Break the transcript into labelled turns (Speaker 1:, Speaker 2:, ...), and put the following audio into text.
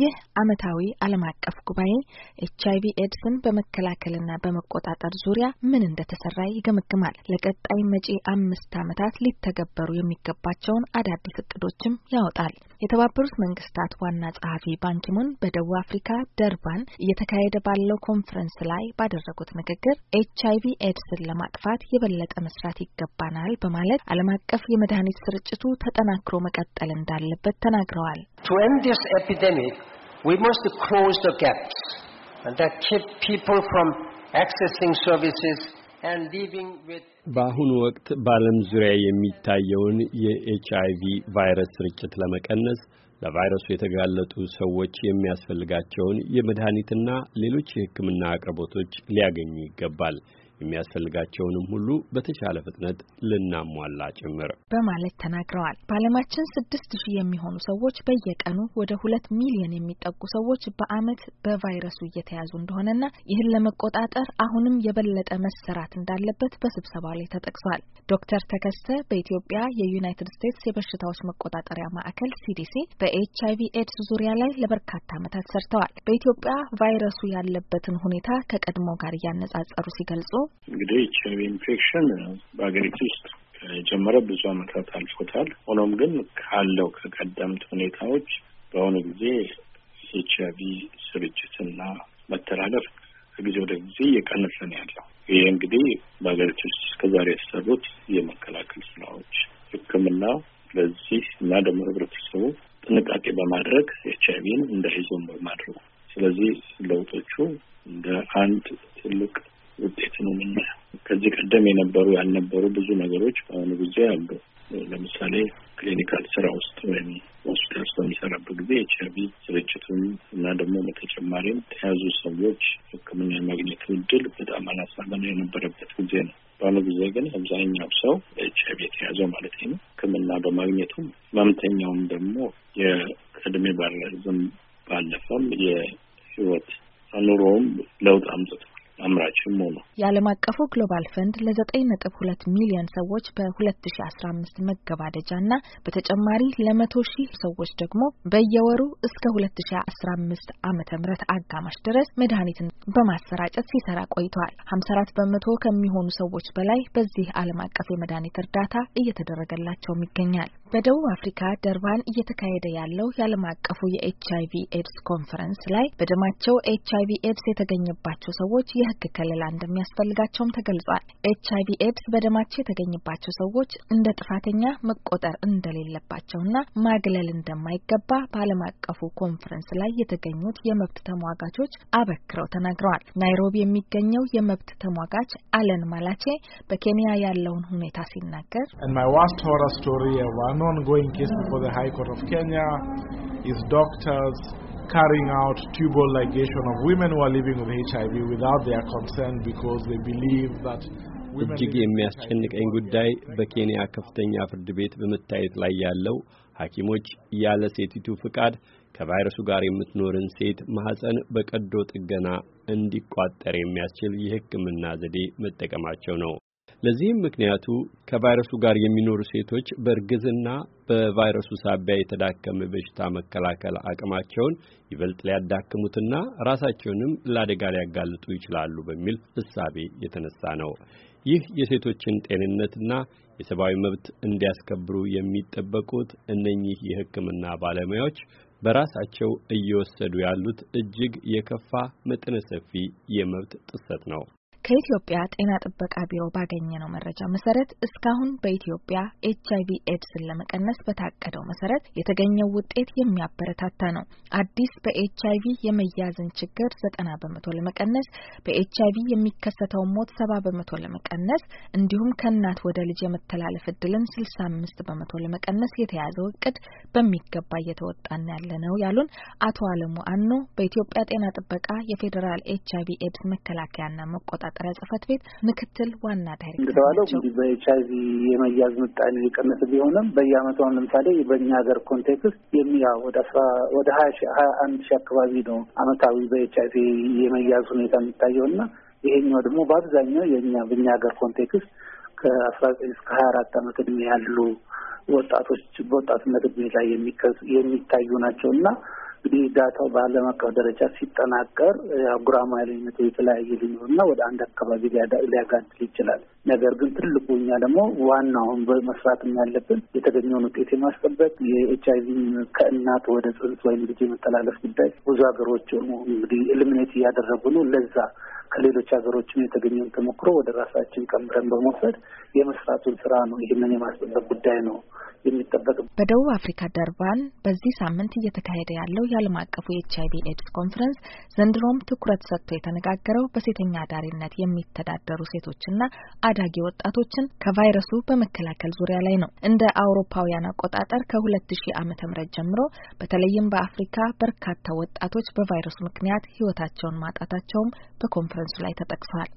Speaker 1: ይህ ዓመታዊ ዓለም አቀፍ ጉባኤ ኤች አይ ቪ ኤድስን በመከላከልና በመቆጣጠር ዙሪያ ምን እንደተሰራ ይገመግማል። ለቀጣይ መጪ አምስት ዓመታት ሊተገበሩ የሚገባቸውን አዳዲስ እቅዶችም ያወጣል። የተባበሩት መንግስታት ዋና ጸሐፊ ባንኪሙን በደቡብ አፍሪካ ደርባን እየተካሄደ ባለው ኮንፈረንስ ላይ ባደረጉት ንግግር ኤች አይቪ ኤድስን ለማጥፋት የበለጠ መስራት ይገባናል በማለት ዓለም አቀፍ የመድኃኒት ስርጭቱ ተጠናክሮ መቀጠል እንዳለበት ተናግረዋል።
Speaker 2: በአሁኑ ወቅት በዓለም ዙሪያ የሚታየውን የኤች አይቪ ቫይረስ ስርጭት ለመቀነስ ለቫይረሱ የተጋለጡ ሰዎች የሚያስፈልጋቸውን የመድኃኒትና ሌሎች የሕክምና አቅርቦቶች ሊያገኙ ይገባል። የሚያስፈልጋቸውንም ሁሉ በተሻለ ፍጥነት ልናሟላ ጭምር
Speaker 1: በማለት ተናግረዋል። በዓለማችን ስድስት ሺህ የሚሆኑ ሰዎች በየቀኑ ወደ ሁለት ሚሊዮን የሚጠጉ ሰዎች በዓመት በቫይረሱ እየተያዙ እንደሆነና ይህን ለመቆጣጠር አሁንም የበለጠ መሰራት እንዳለበት በስብሰባ ላይ ተጠቅሷል። ዶክተር ተከስተ በኢትዮጵያ የዩናይትድ ስቴትስ የበሽታዎች መቆጣጠሪያ ማዕከል ሲዲሲ በኤች አይቪ ኤድስ ዙሪያ ላይ ለበርካታ ዓመታት ሰርተዋል። በኢትዮጵያ ቫይረሱ ያለበትን ሁኔታ ከቀድሞ ጋር እያነጻጸሩ ሲገልጹ
Speaker 3: እንግዲህ ኤች አይቪ ኢንፌክሽን በሀገሪቱ ውስጥ ከጀመረ ብዙ አመታት አልፎታል። ሆኖም ግን ካለው ከቀደምት ሁኔታዎች በአሁኑ ጊዜ ኤች አይቪ ስርጭትና መተላለፍ ከጊዜ ወደ ጊዜ እየቀነሰ ነው ያለው። ይሄ እንግዲህ በሀገሪቱ ውስጥ እስከዛሬ የተሰሩት የመከላከል ስራዎች፣ ሕክምና ለዚህ እና ደግሞ ህብረተሰቡ ጥንቃቄ በማድረግ ኤች አይቪን እንዳይዞን በማድረጉ ስለዚህ ለውጦቹ እንደ አንድ ትልቅ ውጤት ነው የምናየው። ከዚህ ቀደም የነበሩ ያልነበሩ ብዙ ነገሮች በአሁኑ ጊዜ አሉ። ለምሳሌ ክሊኒካል ስራ ውስጥ ወይም ሆስፒታል ውስጥ በሚሰራበት ጊዜ ኤች አይ ቪ ስርጭቱን እና ደግሞ በተጨማሪም ተያዙ ሰዎች ሕክምና የማግኘት እድል በጣም አላሳለነ የነበረበት ጊዜ ነው። በአሁኑ ጊዜ ግን አብዛኛው ሰው ኤች አይ ቪ የተያዘው ማለት ነው ሕክምና በማግኘቱ ህመምተኛውም ደግሞ የእድሜ ባለዝም ባለፈም የህይወት አኑሮውም ለውጥ አምጥቷል። አምራችም ሆኖ
Speaker 1: የዓለም አቀፉ ግሎባል ፈንድ ለዘጠኝ ነጥብ ሁለት ሚሊዮን ሰዎች በሁለት ሺ አስራ አምስት መገባደጃ እና በተጨማሪ ለመቶ ሺህ ሰዎች ደግሞ በየወሩ እስከ ሁለት ሺ አስራ አምስት ዓመተ ምህረት አጋማሽ ድረስ መድኃኒትን በማሰራጨት ሲሰራ ቆይተዋል። ሀምሳ አራት በመቶ ከሚሆኑ ሰዎች በላይ በዚህ ዓለም አቀፍ የመድኃኒት እርዳታ እየተደረገላቸውም ይገኛል። በደቡብ አፍሪካ ደርባን እየተካሄደ ያለው የዓለም አቀፉ የኤች አይቪ ኤድስ ኮንፈረንስ ላይ በደማቸው ኤች አይ ቪ ኤድስ የተገኘባቸው ሰዎች የሕግ ከለላ እንደሚያስፈልጋቸውም ተገልጿል። ኤች አይቪ ኤድስ በደማቸው የተገኘባቸው ሰዎች እንደ ጥፋተኛ መቆጠር እንደሌለባቸውና ማግለል እንደማይገባ በዓለም አቀፉ ኮንፈረንስ ላይ የተገኙት የመብት ተሟጋቾች አበክረው ተናግረዋል። ናይሮቢ የሚገኘው የመብት ተሟጋች አለን ማላቼ በኬንያ ያለውን ሁኔታ ሲናገር
Speaker 3: an ongoing case before the High Court of Kenya is doctors carrying out tubal ligation of women who are living with HIV without their consent because they believe that እጅግ የሚያስጨንቀኝ ጉዳይ
Speaker 2: በኬንያ ከፍተኛ ፍርድ ቤት በመታየት ላይ ያለው ሐኪሞች ያለ ሴቲቱ ፍቃድ ከቫይረሱ ጋር የምትኖርን ሴት ማህፀን በቀዶ ጥገና እንዲቋጠር የሚያስችል የሕክምና ዘዴ መጠቀማቸው ነው። ለዚህም ምክንያቱ ከቫይረሱ ጋር የሚኖሩ ሴቶች በእርግዝና በቫይረሱ ሳቢያ የተዳከመ በሽታ መከላከል አቅማቸውን ይበልጥ ሊያዳክሙትና ራሳቸውንም ለአደጋ ሊያጋልጡ ይችላሉ በሚል እሳቤ የተነሳ ነው። ይህ የሴቶችን ጤንነትና የሰብአዊ መብት እንዲያስከብሩ የሚጠበቁት እነኚህ የሕክምና ባለሙያዎች በራሳቸው እየወሰዱ ያሉት እጅግ የከፋ መጠነ ሰፊ የመብት ጥሰት ነው።
Speaker 1: ከኢትዮጵያ ጤና ጥበቃ ቢሮ ባገኘነው መረጃ መሰረት እስካሁን በኢትዮጵያ ኤች አይቪ ኤድስን ለመቀነስ በታቀደው መሰረት የተገኘው ውጤት የሚያበረታታ ነው። አዲስ በኤች አይቪ የመያዝን ችግር ዘጠና በመቶ ለመቀነስ በኤች አይቪ የሚከሰተውን ሞት ሰባ በመቶ ለመቀነስ እንዲሁም ከእናት ወደ ልጅ የመተላለፍ እድልን ስልሳ አምስት በመቶ ለመቀነስ የተያዘው እቅድ በሚገባ እየተወጣን ያለ ነው ያሉን አቶ አለሙ አኖ በኢትዮጵያ ጤና ጥበቃ የፌዴራል ኤች አይቪ ኤድስ መከላከያና መቆጣጠ መቆጣጠሪያ ጽህፈት ቤት ምክትል ዋና ዳይሬክተር
Speaker 4: እንደተባለው እንግዲህ በኤች አይቪ የመያዝ ምጣኔ የቀነስ ቢሆንም በየአመቱ አሁን ለምሳሌ በእኛ ሀገር ኮንቴክስት የሚያ ወደ አስራ ወደ ሀያ አንድ ሺህ አካባቢ ነው አመታዊ በኤች አይቪ የመያዝ ሁኔታ የሚታየው እና ይሄኛው ደግሞ በአብዛኛው የእኛ በእኛ ሀገር ኮንቴክስት ከአስራ ዘጠኝ እስከ ሀያ አራት አመት እድሜ ያሉ ወጣቶች በወጣትነት እድሜ ላይ የሚታዩ ናቸው እና እንግዲህ ዳታው በዓለም አቀፍ ደረጃ ሲጠናቀር አጉራማይነት የተለያየ ሊኖርና ወደ አንድ አካባቢ ሊያጋድል ይችላል። ነገር ግን ትልቁ እኛ ደግሞ ዋና አሁን በመስራት ያለብን የተገኘውን ውጤት የማስጠበቅ የኤች አይቪ ከእናት ወደ ጽንስ ወይም ልጅ የመተላለፍ ጉዳይ ብዙ ሀገሮች እንግዲህ ኤልሚኔት እያደረጉ ነው ለዛ ከሌሎች ሀገሮችም የተገኘውን ተሞክሮ ወደ ራሳችን ቀምረን በመውሰድ የመስራቱን ስራ ነው ይህንን የማስጠበቅ ጉዳይ ነው
Speaker 1: የሚጠበቅ። በደቡብ አፍሪካ ደርባን በዚህ ሳምንት እየተካሄደ ያለው የዓለም አቀፉ የኤች አይቪ ኤድስ ኮንፈረንስ ዘንድሮም ትኩረት ሰጥቶ የተነጋገረው በሴተኛ አዳሪነት የሚተዳደሩ ሴቶችና አዳጊ ወጣቶችን ከቫይረሱ በመከላከል ዙሪያ ላይ ነው። እንደ አውሮፓውያን አቆጣጠር ከሁለት ሺህ ዓመተ ጀምሮ በተለይም በአፍሪካ በርካታ ወጣቶች በቫይረሱ ምክንያት ህይወታቸውን ማጣታቸውም በኮንፈረንስ በገጹ ላይ ተጠቅሷል።